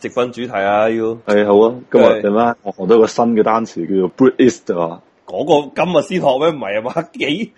直奔主題啊！要係好啊， 今日點啊？我學到一個新嘅單詞，叫做 Brexit 啊！嗰個今日先學咩？唔係啊嘛，幾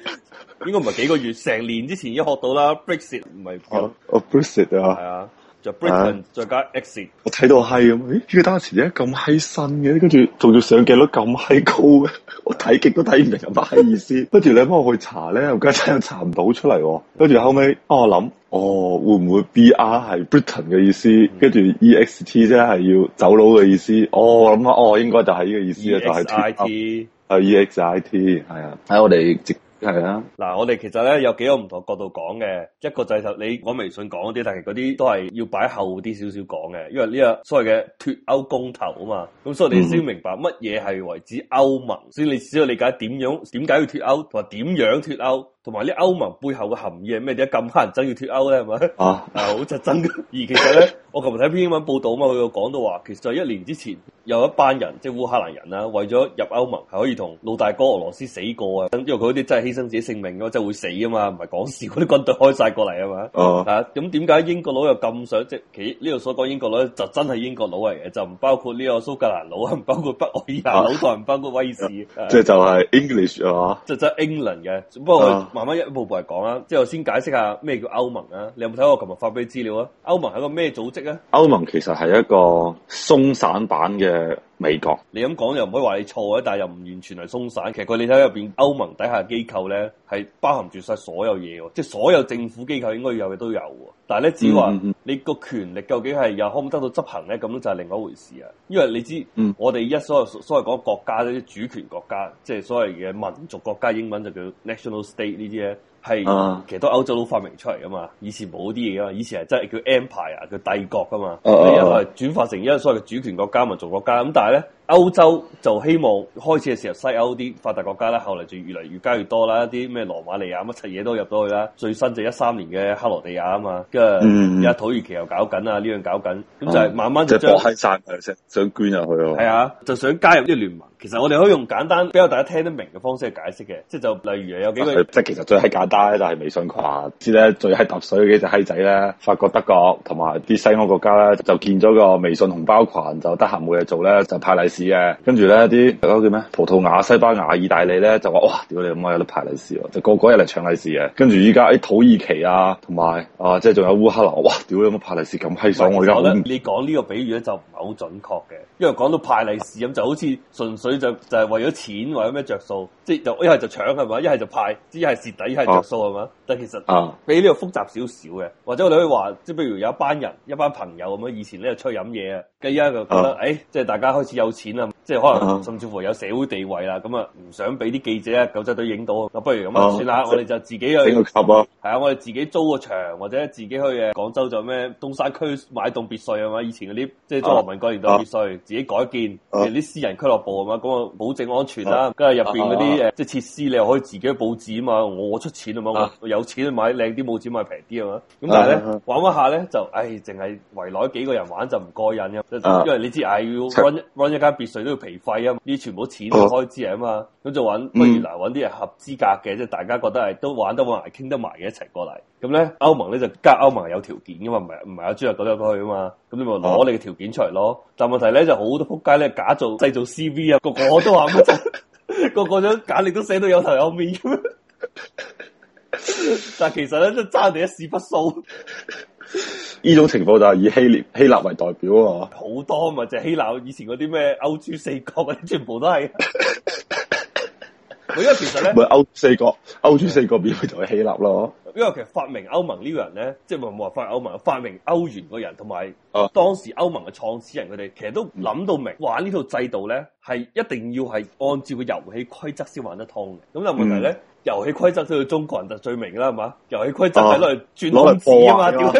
應該唔係幾個月，成年之前已經學到啦。Brexit 唔係啊，Brexit 啊，係啊，就 Britain、uh, 再加 exit。我睇到閪咁，誒，呢、呢個單詞點解咁閪新嘅？跟住仲要上鏡率咁閪高嘅。我睇極都睇唔明有乜意思，跟住 你幫我去查咧，家下真係查唔到出嚟，哦。跟住後尾我諗，哦，會唔會 BR B R 係 Britain 嘅意思？跟住，嗯、E X T 真係要走佬嘅意思。哦，我諗下，哦，應該就係呢個意思啦，就係 E X I T，係、uh, E X I T，係啊。喺我哋。係啦，嗱、啊，我哋其實呢有幾個唔同的角度講嘅，一個就係你講微信講嗰啲，但係嗰啲都係要擺後啲少少講嘅，因為呢個所謂嘅脫歐公投啊嘛，咁所以你先明白乜嘢係為之歐盟，所以你先要理解點樣點解要脫歐同埋點樣脫歐。同埋呢歐盟背後嘅含義係咩？點解咁黑人真要脫歐咧？係咪啊？好實真嘅。而其實咧，我琴日睇篇英文報道啊嘛，佢有講到話，其實喺一年之前，有一班人即係烏克蘭人啊，為咗入歐盟係可以同老大哥俄羅斯死過啊，因為佢啲真係犧牲自己性命嘅，真會死啊嘛，唔係講笑。啲軍隊開晒過嚟啊嘛。哦。啊，咁點解英國佬又咁想即係？呢度所講英國佬就真係英國佬嚟嘅，就唔包括呢個蘇格蘭佬，唔包括北愛爾蘭佬，同唔包括威士。即係就係 English 啊嘛。就真 English 嘅，不過。慢慢一步步嚟講啦，即係我先解釋一下咩叫歐盟啊。你有冇睇我琴日發俾資料啊？歐盟係一個咩組織啊？歐盟其實係一個鬆散版嘅。美國，你咁講又唔可以話你錯啊！但係又唔完全係鬆散。其實佢你睇入邊，歐盟底下機構咧，係包含住晒所有嘢喎。即係所有政府機構應該要有嘅都有喎。但係咧，只係話你個權力究竟係又可唔可以得到執行咧？咁就係另外一回事啊。因為你知，我哋而家所有所謂嗰個國家咧，啲主權國家，即係所謂嘅民族國家，英文就叫 national state 呢啲咧。係，是其實都歐洲佬發明出嚟㗎嘛，以前冇啲嘢啊，以前係真係叫 empire 啊，叫帝國㗎嘛，你因為轉化成一個所謂嘅主權國家、民族國家，咁但係咧。歐洲就希望開始嘅時候，西歐啲發達國家啦，後嚟就越嚟越加越多啦，啲咩羅馬尼亞乜柒嘢都入到去啦。最新就一三年嘅克羅地亞啊嘛，跟住而家土耳其又搞緊啊，呢樣搞緊，咁就係慢慢就將喺曬想想捐入去咯。係啊，就想加入啲聯盟。其實我哋可以用簡單比較大家聽得明嘅方式去解釋嘅，即係就例如有幾個，即係其實最係簡單咧，就係微信羣知咧，最係揼水嘅幾隻閪仔咧，法國、德國同埋啲西歐國家咧，就建咗個微信紅包群，就得閒冇嘢做咧，就派利是嘅，跟住咧啲大家叫咩葡萄牙、西班牙、意大利咧就話哇，屌你咁啊有得派利是喎，就個個一嚟搶利是嘅。跟住依家啲土耳其啊，同埋啊，即係仲有烏克蘭，哇，屌你有冇派利是咁閪爽我而家？啊啊、覺得你講呢個比喻咧就唔係好準確嘅，因為講到派利是咁就好似純粹就就係為咗錢或者咩着數，即係就一係就搶係嘛，一係就派，一係蝕底，一係着數係嘛。但其實比呢個複雜少少嘅，或者我哋可以話，即係譬如有一班人一班朋友咁樣，以前咧就出去飲嘢啊，跟住依家就覺得誒，即係、啊哎、大家開始有錢。即係可能甚至乎有社會地位啦，咁啊唔想俾啲記者啊、狗仔隊影到，咁不如咁啊，算啦，我哋就自己去。整個 club 啊，係啊，我哋自己租個場，或者自己去誒廣州做咩？東山區買棟別墅啊嘛，以前嗰啲即係中華人民共和國別墅，自己改建，啲私人俱樂部啊嘛，咁啊保證安全啦。跟住入邊嗰啲誒，即係設施你又可以自己布置啊嘛。我出錢啊嘛，我有錢啊買靚啲，冇錢買平啲啊嘛。咁但係咧玩一下咧就，唉，淨係圍內幾個人玩就唔過癮嘅，因為你知 i run run 一間。別墅都要皮費啊嘛，呢啲全部錢嘅開支啊嘛，咁就揾不如嗱揾啲係合資格嘅，即係、嗯、大家覺得係都玩得埋、傾得埋嘅一齊過嚟。咁咧歐盟咧就加歐盟有條件噶嘛，唔係唔係阿朱啊覺得去啊嘛。咁你咪攞你嘅條件出嚟囉。好但問題咧就好多仆街咧假做製造，造 CV 啊，個個我都話乜， 個個都簡歷都寫到有頭有面。 但其實咧都爭你一屎忽數。 呢種情況就係以希臘希臘為代表啊，好多啊嘛，就係、希臘以前嗰啲咩歐豬四國，咪全部都係。 因為其實咧，唔係歐四國，歐豬的四國變咗就係希臘咯。因為其實發明歐盟呢個人咧，即係話唔話發明歐盟、發明歐元嘅人，同埋當時歐盟嘅創始人佢哋，其實都諗到明、啊、玩呢套制度咧，係一定要係按照個遊戲規則先玩得通嘅。咁個問題咧，遊戲規則都係中國人就最明啦，係嘛？遊戲規則喺度轉輪子啊嘛，啊啊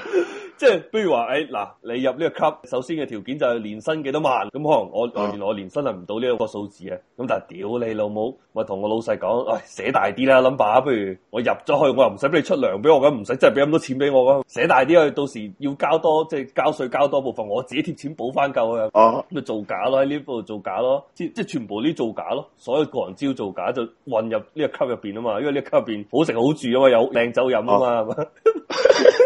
即係，比如話，誒、哎，嗱，你入呢個級，首先嘅條件就係年薪幾多萬，咁可能我、uh. 原來我年薪係唔到呢一個數字嘅，咁但係屌你老母，咪同我老細講，喂、哎，寫大啲啦 number 不如我入咗去，我又唔使俾你出糧俾我咁，唔使真係俾咁多錢俾我咁，寫大啲去，到時要交多即係交稅交多部分，我自己貼錢補翻夠嘅，咁咪、uh. 造假咯，喺呢度造假咯，即即係全部啲造假咯，所有個人招造假就混入呢個級入邊啊嘛，因為呢個級入邊好食好住啊嘛，有靚酒飲啊嘛。Uh.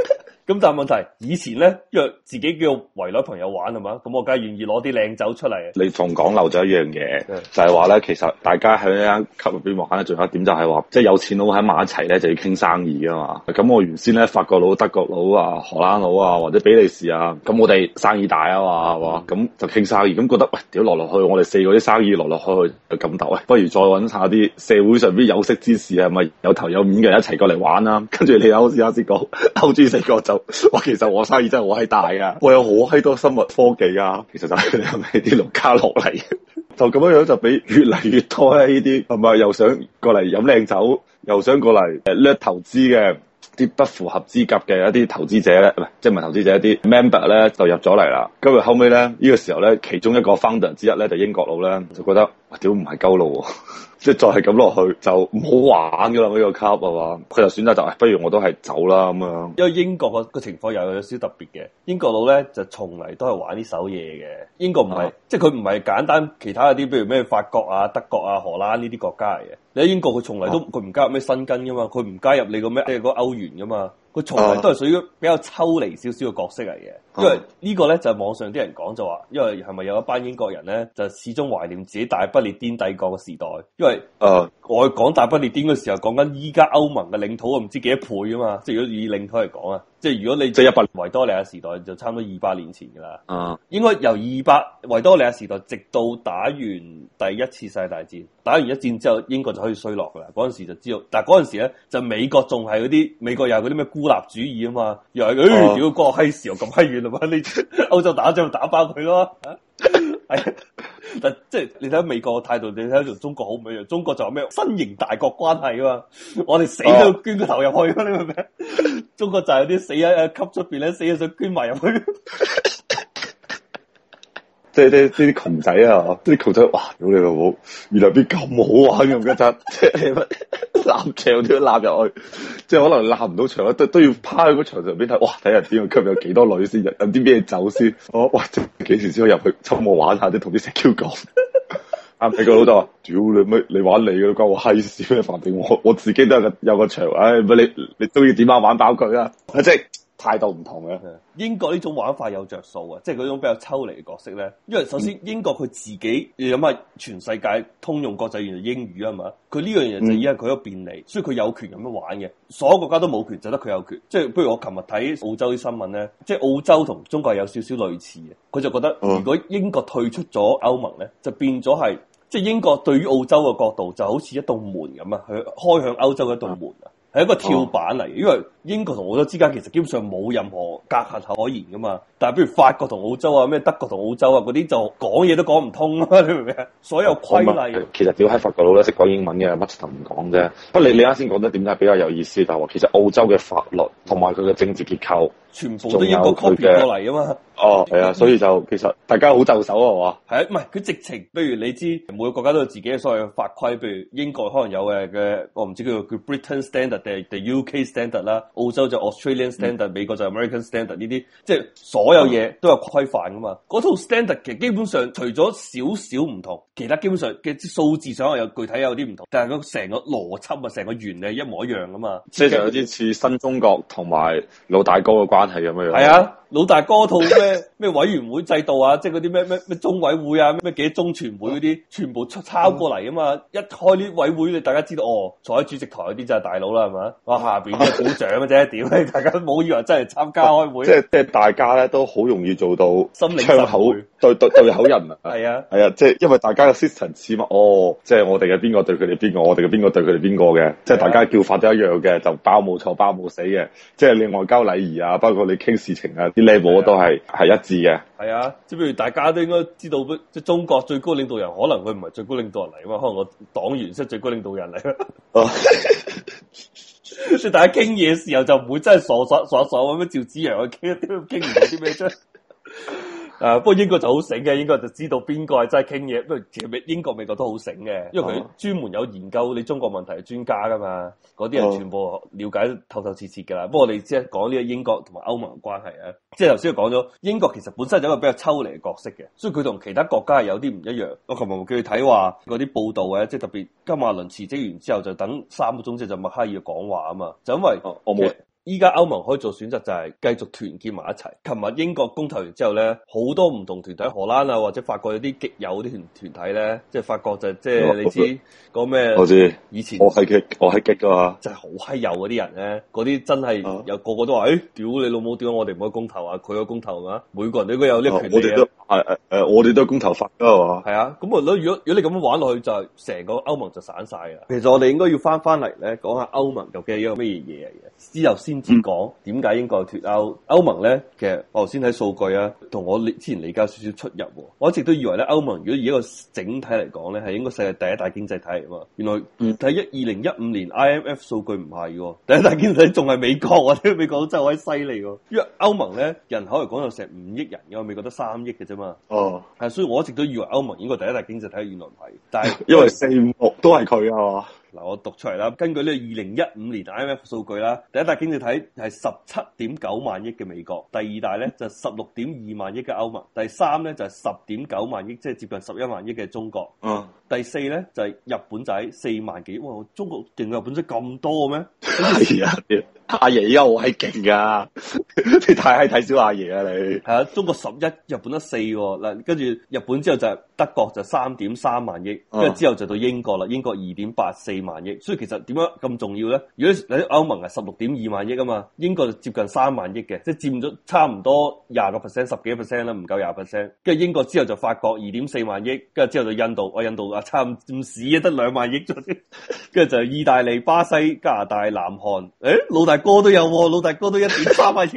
咁但係問題，以前咧約自己叫圍女朋友玩係嘛？咁我梗係願意攞啲靚酒出嚟。你仲講漏咗一樣嘢，就係話咧，其實大家喺間 club 入邊玩咧，仲有一點就係話，即係有錢佬喺埋一齊咧，就要傾生意啊嘛。咁我原先咧法國佬、德國佬啊、荷蘭佬啊，或者比利時啊，咁我哋生意大啊嘛，係嘛？咁就傾生意，咁覺得喂，屌落落去，我哋四個啲生意落落去去咁啊。不如再揾下啲社會上邊有識之士啊，咪有頭有面嘅人一齊過嚟玩啦。跟住你有好似有時講歐豬四國就。我其實我生意真係好閪大啊， 我有好閪多生物科技啊，其實就係啲農家樂嚟， 就咁樣樣就俾越嚟越多咧呢啲，係咪又想過嚟飲靚酒，又想過嚟叻、呃、投資嘅，啲不符合資格嘅一啲投資者咧，唔係即係唔係投資者一啲 member 咧就入咗嚟啦，今日後尾咧呢、呢個時候咧，其中一個 founder 之一咧就是、英國佬咧就覺得。哇！屌唔係夠咯喎、啊，即 係再係咁落去就唔好玩噶啦，呢個卡啊嘛，佢就選擇就係哎、不如我都係走啦咁樣。因為英國個情況又有少特別嘅，英國佬咧就從嚟都係玩呢手嘢嘅。英國唔係，啊、即係佢唔係簡單其他嗰啲，譬如咩法國啊、德國啊、荷蘭呢啲國家嚟嘅。你喺英國佢從嚟都佢唔、啊、加入咩新根噶嘛，佢唔加入你個咩即係嗰歐元噶嘛。佢從來都係屬於比較抽離少少嘅角色嚟嘅，因為呢個咧就係網上啲人講就話，因為係咪有一班英國人咧就始終懷念自己大不列顛帝國嘅時代？因為誒，我講大不列顛嘅時候講緊依家歐盟嘅領土，我唔知幾多倍啊嘛，即係如果以領土嚟講啊。即係如果你即係一百維多利亞時代就差唔多二百年前噶啦，啊，應該由二百維多利亞時代直到打完第一次世界大戰，打完一戰之後，英國就可以衰落噶啦，嗰陣時就知道，但係嗰時咧就美國仲係嗰啲美國又係嗰啲咩孤立主義啊嘛，又係屌，如個閪事又咁閪遠啦嘛，你歐洲打仗打爆佢咯。 但即係你睇下美國嘅態度，你睇下同中國好唔一樣？中國就係咩新型大國關係啊嘛，我哋死都要捐個頭入去㗎，oh. 你明唔明？中國就係有啲死喺吸出邊咧，死都想捐埋入去。 呢啲窮仔啊，啲窮仔哇屌你老母，原來邊咁好玩嘅，真即係乜納場都要納入去，即係可能納唔到場都都要趴喺個牆上邊睇，哇睇下邊入溝有幾多女先，有啲咩走先，哦哇幾時先可以入去抽我玩下啲同啲食 Q 講，啱睇個老豆啊，屌你咩你，你玩你嘅關我閪事咩？反正 我我自己都有個牆，唉乜、哎、你你中意點玩玩爆佢啦，阿、啊、即。啊 態度唔同嘅，英國呢種玩法有着數啊，即係嗰種比較抽離嘅角色呢。因為首先英國佢自己，你諗下全世界通用國際語言英語啊，嘛？佢呢樣嘢就因為佢嘅便利，嗯、所以佢有權咁樣玩嘅。所有國家都冇權，就得佢有，有權。即係不如我琴日睇澳洲啲新聞呢，即係澳洲同中國有少少類似嘅，佢就覺得如果英國退出咗歐盟呢，就變咗係即係英國對於澳洲嘅角度就好似一道門咁啊，佢開向歐洲嘅一道門啊，係、嗯、一個跳板嚟，因為。英國同澳洲之間其實基本上冇任何隔閡可言噶嘛，但係譬如法國同澳洲啊、咩德國同澳洲啊嗰啲就講嘢都講唔通啊！你明唔明？啊？所有規例其實屌喺法國佬咧識講英文嘅，乜都唔講啫。不過你你啱先講得點解比較有意思，但係話其實澳洲嘅法律同埋佢嘅政治結構全部都應該 copy 過嚟啊嘛。哦，係啊，所以就其實大家好就手啊嘛。係啊，唔係佢直情，譬如你知每個國家都有自己嘅所謂法規，譬如英國可能有誒嘅我唔知叫叫 Britain Standard 定定 UK Standard 啦。澳洲就 Australian standard，美國就 American standard 呢啲，即係所有嘢都有規範噶嘛。嗰套 standard 其實基本上除咗少少唔同，其他基本上嘅數字上係有具體有啲唔同，但係佢成個邏輯啊，成個原理一模一樣噶嘛。即係就有啲似新中國同埋老大哥嘅關係咁樣樣。係啊。老大哥套咩咩委員會制度啊，即係嗰啲咩咩中委會啊，咩幾中全會嗰啲，全部抄過嚟啊嘛！一開啲委會，你大家知道哦，坐喺主席台嗰邊就係大佬啦，係咪啊？哇，下邊都鼓掌嘅啫，點？大家冇以為真係參加開會。即係即係大家咧，都好容易做到。心理向好。對對對口人啊，係啊，係啊，即、就、係、是、因為大家嘅 system 似嘛，哦，即、就、係、是、我哋嘅邊個對佢哋邊個，我哋嘅邊個對佢哋邊個嘅，即係、啊、大家叫法都一樣嘅，就包冇錯，包冇死嘅，即、就、係、是、你外交禮儀啊，包括你傾事情啊，啲 level 都係係、啊、一致嘅。係啊，即係譬如大家都應該知道，即係中國最高領導人可能佢唔係最高領導人嚟啊嘛，可能我黨員先最高領導人嚟啊。哦，所以大家傾嘢嘅時候就唔會真係傻傻傻傻咁樣，趙紫陽去傾傾唔到啲咩出。 誒、啊、不過英國就好醒嘅，英國就知道邊個係真係傾嘢。不過英國、美國都好醒嘅，因為佢專門有研究你中國問題嘅專家噶嘛，嗰啲人全部了解透透徹徹嘅啦。不過、嗯、我哋即係講呢個英國同埋歐盟嘅關係啊，即係頭先講咗英國其實本身就一個比較抽離嘅角色嘅，所以佢同其他國家係有啲唔一樣。我琴日叫佢睇話嗰啲報道嘅，即係特別金馬倫辭職完之後就等三個鐘之後就默克爾講話啊嘛，就因為、啊、我冇。依家歐盟可以做選擇就係繼續團結埋一齊。琴日英國公投完之後咧，好多唔同團體，荷蘭啊或者法國有啲極右啲團團體咧，即係法國就即、是、係你知個咩？好似以前我係激我係激噶嘛，就係好嗨右嗰啲人咧，嗰啲真係有個個都話，誒、哎，屌你老母，屌我哋唔可以公投啊？佢去公投啊。」每個人都應該有呢啲權利啊。我哋都係誒誒，我哋都、啊、我都公投法啊嘛。係啊，咁我、啊、如果如果你咁樣玩落去，就成個歐盟就散晒噶。其實我哋應該要翻翻嚟咧，講下歐盟究竟係一個咩嘢嚟嘅？自由？先至講點解英國脱歐？歐盟咧，其實我頭先睇數據啊，同我之前理解少少出入喎。我一直都以為咧，歐盟如果以一個整體嚟講咧，係應該世界第一大經濟體嚟㗎嘛。原來喺一二零一五年 IMF 數據唔係喎，第一大經濟體仲係美國喎、啊。啲美國真係好犀利喎，因為歐盟咧人口嚟講有成五億人，因為美國得三億嘅啫嘛。哦，係，所以我一直都以為歐盟應該第一大經濟體，原來唔係。但係因為四五六都係佢啊嘛。嗱，我讀出嚟啦。根據呢個二零一五年 IMF 數據啦，第一大經濟體係十七點九萬億嘅美國，第二大咧就十六點二萬億嘅歐盟，第三咧就係十點九萬億，即係接近十一萬億嘅中國。嗯，第四咧就係、是、日本仔四萬幾。哇，中國勁日本仔咁多嘅咩？係 啊，阿爺而家好閪勁噶，你太閪睇小阿爺啊你。係啊，中國十一，日本得四喎。嗱，跟住日本之後就係德國就三點三萬億，跟住、嗯、之後就到英國啦，英國二點八四萬億，所以其實點樣咁重要咧？如果你歐盟係十六點二萬億啊嘛，英國就接近三萬億嘅，即係佔咗差唔多廿個 percent，十幾 percent 啦，唔夠廿 percent。跟住英國之後就法國二點四萬億，跟住之後就印度，我印度啊差唔唔市啊，得兩萬億咗先。跟住就意大利、巴西、加拿大、南韓，誒老大哥都有，老大哥都一點三萬億。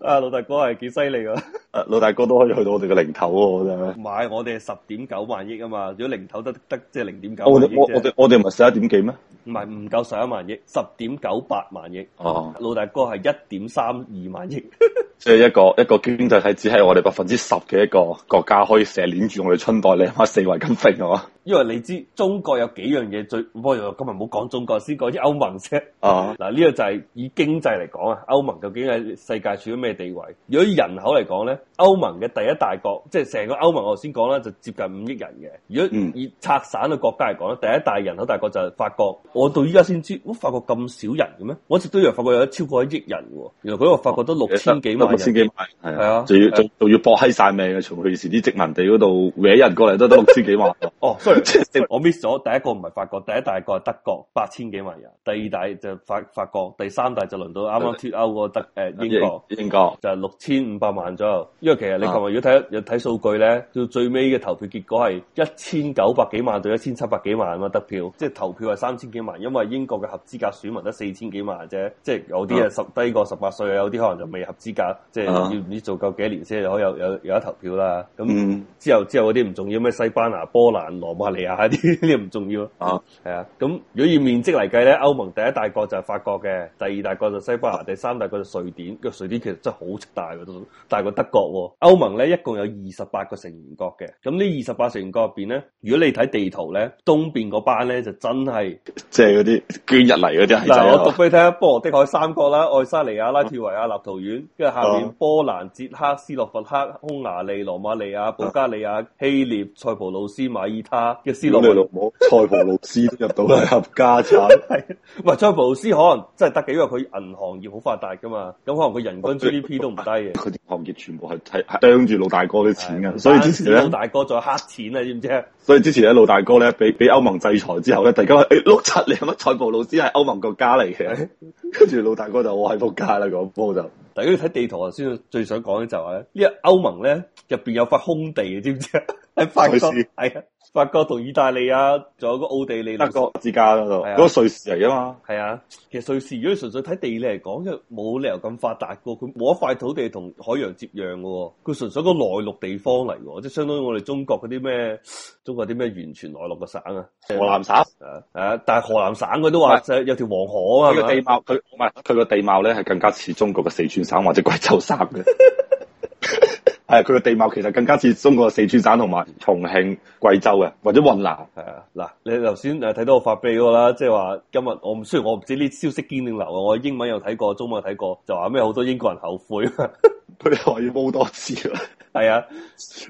啊，老大哥係幾犀利啊！誒，老大哥都可以去到我哋嘅零頭喎，啊，真係。 我哋係十點九萬億啊嘛，如果零頭得得即係零點九萬億，我我我哋唔係十一點幾咩？唔係唔夠十一萬億，十點九八萬億。哦、啊。老大哥係一點三二萬億。即 係一個一個經濟體，只係我哋百分之十嘅一個國家，可以成日黏住我哋春袋，你係咪四圍咁飛啊？因為你知中國有幾樣嘢最，唔好今日唔好講中國，先講啲歐盟先。啊，嗱呢個就係以經濟嚟講啊，歐盟究竟喺世界處於咩地位？如果以人口嚟講咧，歐盟嘅第一大國，即係成個歐盟，我先講啦，就接近五億人嘅。如果以拆散嘅國家嚟講咧，第一大人口大國就係法國。我到依家先知，哇法國咁少人嘅咩？我一直都以為法國有超過一億人喎。原來嗰個法國都六千幾萬，六千幾萬，係啊，仲要仲仲要搏閪晒命嘅，從佢時啲殖民地嗰度搲人過嚟，都得六千幾萬。哦， 我 miss 咗第一個唔係法國，第一大個係德國，八千幾萬人。第二大就法法國，第三大就輪到啱啱脱歐德誒的英國，英國就係六千五百萬左右。因為其實你琴日如果睇有睇數據咧，到最尾嘅投票結果係一千九百幾萬到一千七百幾萬啊嘛，得票即係投票係三千幾萬，因為英國嘅合資格選民得四千幾萬啫。即係有啲啊十低過十八歲，有啲可能就未合資格，uh huh. 即係要唔知做夠幾年先就可以有有有,有,有得投票啦。咁之後、uh huh. 之後嗰啲唔重要咩？西班牙、波蘭、羅馬。馬利亞啲，呢又唔重要啊，係啊，咁如果以面積嚟計咧，歐盟第一大國就係法國嘅，第二大國就西班牙，第三大國就瑞典。個瑞典其實真係好大嘅，大過德國。歐盟咧一共有二十八個成員國嘅，咁呢二十八成員國入邊咧，如果你睇地圖咧，東邊嗰班咧就真係，即係嗰啲捐入嚟嗰啲係。嗱，我讀俾你聽：波羅的海三國啦，愛沙尼亞、拉脫維亞、立陶宛，跟住下面、啊、波蘭、捷克、斯洛伐克、匈牙利、羅馬尼亞、保加利亞、啊、希臘、塞浦路斯、馬耳他。嘅思路，塞浦路斯入到嚟合家產。係 唔係塞浦路斯可能真係得嘅，因為佢銀行業好發達噶嘛。咁可能佢人均 GDP 都唔低嘅。佢啲行業全部係係掟住老大哥啲錢嘅。所以之前老大哥再黑錢啊，知唔知啊？所以之前咧，老大哥咧被被歐盟制裁之後咧，大家話誒碌柒你乜？塞浦路斯係歐盟國家嚟嘅，跟 住老大哥就好閪撲街啦。不過就大家要睇地圖啊，先最想講嘅就係呢，因為歐盟咧入邊有塊空地，知唔知啊？係塊地，係啊。 法國同意大利啊，仲有個奧地利、德國之家嗰度，嗰個、啊、瑞士嚟啊嘛。係啊，其實瑞士如果純粹睇地理嚟講，又冇理由咁發達個，佢冇一塊土地同海洋接壤嘅，佢純粹一個內陸地方嚟，即係相當於我哋中國嗰啲咩，中國啲咩完全內陸嘅省啊，河南省。誒、啊，但河南省佢都話是有條黃河啊。佢個地貌，佢唔係佢個地貌咧，係更加似中國嘅四川省或者貴州省嘅。 係佢個地貌其實更加似中國嘅四川省同埋重慶、貴州嘅，或者雲南。係啊，嗱，你頭先誒睇到我發俾嗰，那個啦，即係話今日我唔雖然我唔知呢消息，堅定流啊，我英文有睇過，中文有睇過，就話咩好多英國人後悔，佢哋話要煲多次啦。係啊，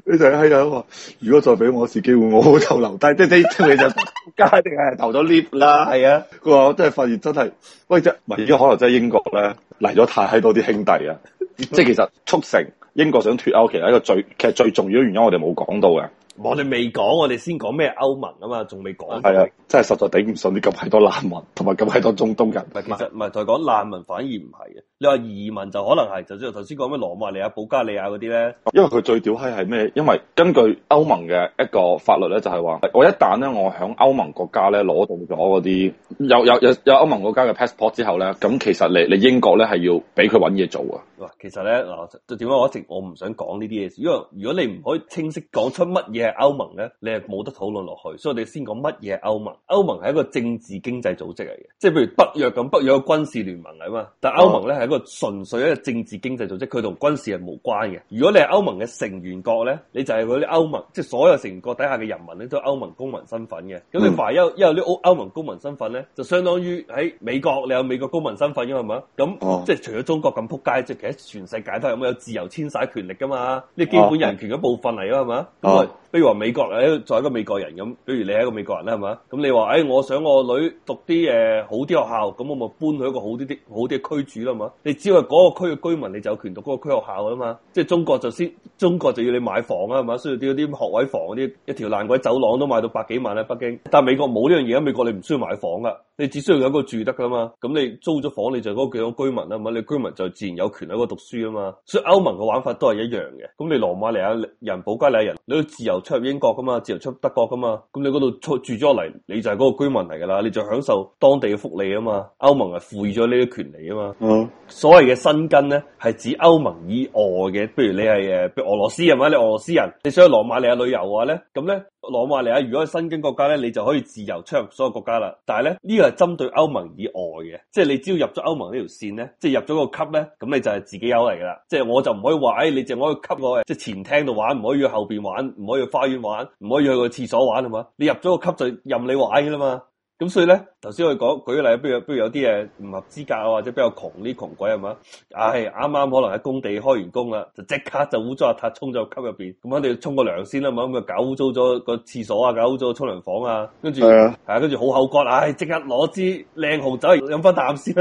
你喺度都話，如果再俾我一次機會，我好投留低。 即係你，你就加定係投咗 leave 啦。係啊，佢話我真係發現真係，喂，即係而家可能真係英國咧嚟咗太閪多啲兄弟啊， 即係其實促成。英國想脱歐，其實一個最其實最重要嘅原因，我們沒有的，我哋冇講到嘅。我哋未講，我哋先講咩歐盟啊嘛，仲未講。係啊，真係實在頂唔順啲咁閪多難民，同埋咁閪多中東人。其實，唔係，就係講難民反而唔係嘅。你話移民就可能係，就算頭先講咩羅馬尼亞、保加利亞嗰啲咧。因為佢最屌閪係咩？因為根據歐盟嘅一個法律咧，就係、是、話我一旦咧我響歐盟國家咧攞到咗嗰啲有有有有歐盟國家嘅 passport 之後咧，咁其實你你英國咧係要俾佢搵嘢做啊。哇，其實咧嗱，點解我一直我唔想講呢啲嘢？因為如果你唔可以清晰講出乜嘢。歐盟咧，你係冇得討論落去，所以我哋先講乜嘢歐盟。歐盟係一個政治經濟組織嚟嘅，即係譬如北約咁，北約嘅軍事聯盟啊嘛。但係歐盟咧係一個純粹一個政治經濟組織，佢同軍事係無關嘅。如果你係歐盟嘅成員國咧，你就係嗰啲歐盟，即係所有成員國底下嘅人民咧都係歐盟公民身份嘅。咁你凡有，因為啲歐歐盟公民身份咧，就相當於喺美國你有美國公民身份嘅係嘛？咁即係除咗中國咁撲街，即係其他全世界都係咁有自由遷徙權力噶嘛？呢基本人權嘅部分嚟噶係嘛？咁譬如話美國誒，作為一個美國人咁，比如你係一個美國人咧，係嘛？咁你話誒、哎，我想我女讀啲誒好啲學校，咁我咪搬去一個好啲啲好啲嘅區住啦，係嘛？你只係嗰個區嘅居民，你就有權讀嗰個區學校啊嘛。即係、就是、中國就先，中國就要你買房啊，係嘛？需要啲嗰學位房嗰啲，一條爛鬼走廊都賣到百幾萬喺北京。但係美國冇呢樣嘢，喺美國你唔需要買房噶，你只需要有一個住得噶嘛。咁你租咗房，你就嗰個居民啦嘛。你居民就自然有權喺度讀書啊嘛。所以歐盟嘅玩法都係一樣嘅。咁你羅馬尼亞人、保加利亞人，你都自由。出入英國噶嘛，自由出德國噶嘛，咁你嗰度住住咗嚟，你就係嗰個居民嚟噶啦，你就享受當地嘅福利啊嘛，歐盟係賦予咗呢啲權利啊嘛。嗯，所謂嘅申根咧，係指歐盟以外嘅，譬如你係誒俄羅斯係咪，你俄羅斯人，你想去羅馬尼亞旅遊嘅話咧，咁咧。羅馬尼亞，如果係新興國家咧，你就可以自由出入所有國家啦。但係咧，呢個係針對歐盟以外嘅，即係你只要入咗歐盟呢條線咧，即係入咗個級咧，咁你就係自己友嚟噶啦。即係我就唔可以話，誒，你淨可以級我嘅，即係前廳度玩，唔可，可，可以去後邊玩，唔可以去花園玩，唔可以去個廁所玩係嘛？你入咗個級就任你玩噶啦嘛。咁所以咧，頭先我哋講舉個例，不若不如有啲嘢唔合資格啊，或者比較窮啲窮鬼係嘛，唉、哎，啱啱可能喺工地開完工啦，就即刻就污糟邋遢沖咗入溝入邊，咁肯定要沖個涼先啦嘛，咁就搞污糟咗個廁所啊，搞污糟個沖涼房的啊，跟住係啊，跟、哎、住好口乾，唉，即刻攞支靚紅酒嚟飲翻啖先，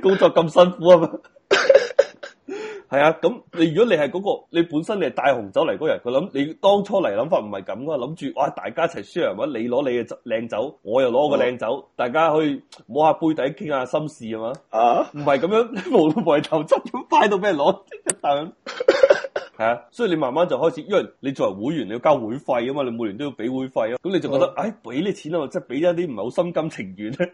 工作咁辛苦啊嘛！係啊，咁你如果你係嗰、嗰個，你本身你係帶紅酒嚟嗰人，佢諗你當初嚟諗法唔係咁噶，諗住哇大家一齊 share 啊，或者你攞你嘅靚酒，我又攞我嘅靚酒，嗯、大家可以摸下杯底，傾下心事啊嘛。啊，唔係咁樣，無厘頭真咁派到咩攞？等係啊，所以你慢慢就開始，因為你作為會員你要交會費啊嘛，你每年都要俾會費啊，咁你就覺得，嗯、哎，俾啲錢啊嘛，即係俾一啲唔係好心甘情願咧。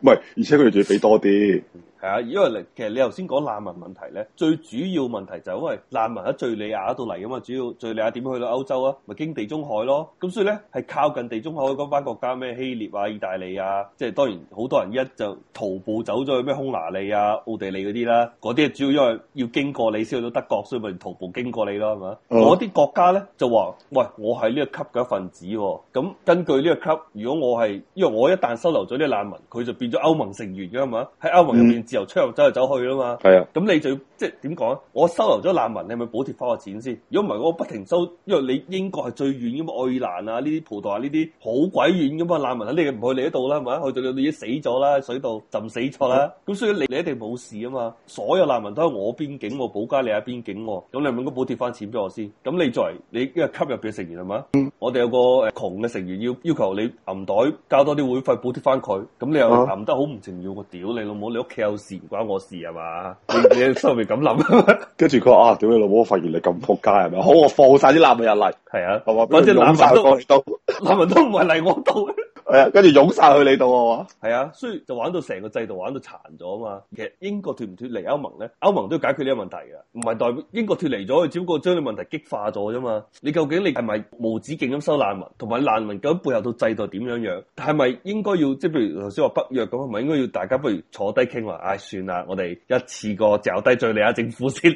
唔 係，而且佢哋仲要俾多啲。 係啊，因為其實你頭先講難民問題咧，最主要問題就係因為難民喺敍利亞度嚟啊嘛，主要敍利亞點去到歐洲啊，咪經地中海咯。咁所以咧係靠近地中海嗰班國家咩希臘啊、意大利啊，即係當然好多人一就徒步走咗去咩匈牙利啊、奧地利嗰啲啦，嗰啲主要因為要經過你先去到德國，所以咪徒步經過你咯，係嘛、嗯？嗰啲國家咧就話：喂，我係呢個 club 嘅一份子喎、哦。咁根據呢個 club，如果我係因為我一旦收留咗啲難民，佢就變咗歐盟成員嘅嘛，喺歐盟入邊、嗯。由出入走嚟走去啦嘛，係啊、哎呦，咁你就要即係點講？我收留咗難民，你係咪補貼翻我錢先？如果唔係，我不停收，因為你英國係最遠嘅嘛，愛爾蘭啊，呢啲葡萄牙呢啲好鬼遠嘅嘛，難民喺、啊、你唔去你嗰度啦，咪去到你已經死咗啦，水度浸死咗啦。咁所以你你一定冇事啊嘛。所有難民都喺我邊境，保加利亞邊境，咁你咪應該補貼翻錢俾我先。咁你作為你一個吸入嘅成員係嘛？嗯、我哋有個窮嘅、呃、成員要要求你銀袋交多啲會費補貼翻佢，咁你又含、嗯、得好唔情願，我屌你老母，你屋企有，事唔關我事係嘛， 你喺心入面咁諗，跟住佢話啊，屌你老母發現你咁仆街係咪？好，我放晒啲難民入嚟，係啊，反正，把啲難民放嚟到，男人都唔係嚟我度。係啊，跟住湧晒去你度啊嘛，係啊，所以就玩到成個制度玩到殘咗啊嘛。其實英國脫唔脫離歐盟咧，歐盟都要解決呢個問題嘅，唔係代表英國脫離咗，佢只不過將啲問題激化咗啫嘛。你究竟你係咪無止境咁收難民，同埋難民究竟背後到制度點樣樣？係咪應該要即係譬如頭先話北約咁，係咪應該要大家不如坐低傾話，唉、哎，算啦，我哋一次過就低敘利亞政府先，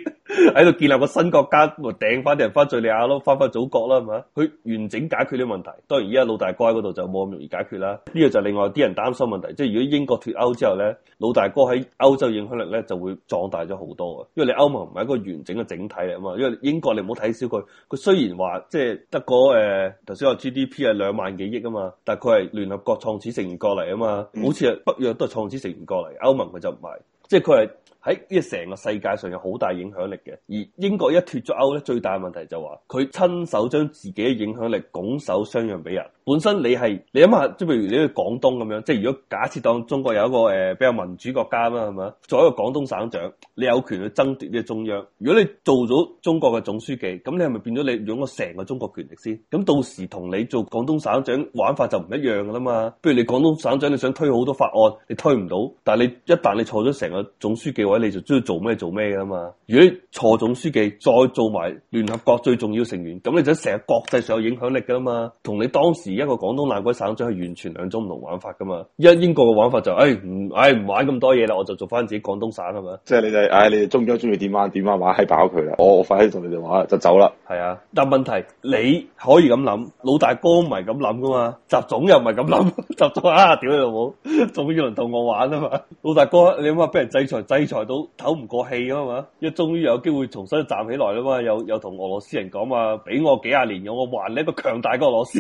喺 度建立個新國家，咪掟翻啲人翻敘利亞咯，翻翻祖國啦，係嘛，佢完整解決呢個問題。當然而家老大乖嗰度就冇咁容易解決啦，呢個就另外啲人擔心問題，即係如果英國脫歐之後咧，老大哥喺歐洲影響力咧就會壯大咗好多啊，因為你歐盟唔係一個完整嘅整體啊嘛，因為英國你唔好睇小佢，佢雖然話即係德國誒，頭先話 GDP 係兩萬幾億啊嘛，但係佢係聯合國創始成員國嚟啊嘛，嗯、好似北約都係創始成員國嚟，歐盟佢就唔係，即係佢係喺呢個成個世界上有好大影響力嘅，而英國一脫咗歐咧，最大問題就話佢親手將自己嘅影響力拱手相讓俾人。本身你係你諗下，即係，譬如你去廣東咁樣，即係如果假設當中國有一個誒、呃、比較民主國家啦，係咪作為一個廣東省長，你有權去爭奪呢個中央？如果你做咗中國嘅總書記，咁你係咪變咗你擁有成個中國權力先？咁到時同你做廣東省長玩法就唔一樣噶啦嘛。譬如，你廣東省長你想推好多法案，你推唔到，但係你一旦你坐咗成個總書記位，你就鍾意，做咩做咩噶嘛。如果坐總書記，再做埋聯合國最重要成員，咁你就成日國際上有影響力噶啦嘛。同你當時。一個廣東爛鬼省長，係完全兩種唔同玩法噶嘛？一英國嘅玩法就誒唔誒唔玩咁多嘢，啦我就做翻自己廣東省係嘛。即係你哋，唉、哎，你哋中英中意點玩點玩玩係爆佢啦。我我快啲同你哋玩就走啦。係啊，但問題你可以咁諗，老大哥唔係咁諗噶嘛？習總又唔係咁諗，習總啊，屌你老母，仲要人同我玩啊嘛！老大哥，你諗下俾人制裁，制裁到唞唔過氣啊嘛？一終於有機會重新站起來啦嘛？又又同俄羅斯人講嘛，俾我幾廿年，讓我還你一個強大俄羅斯。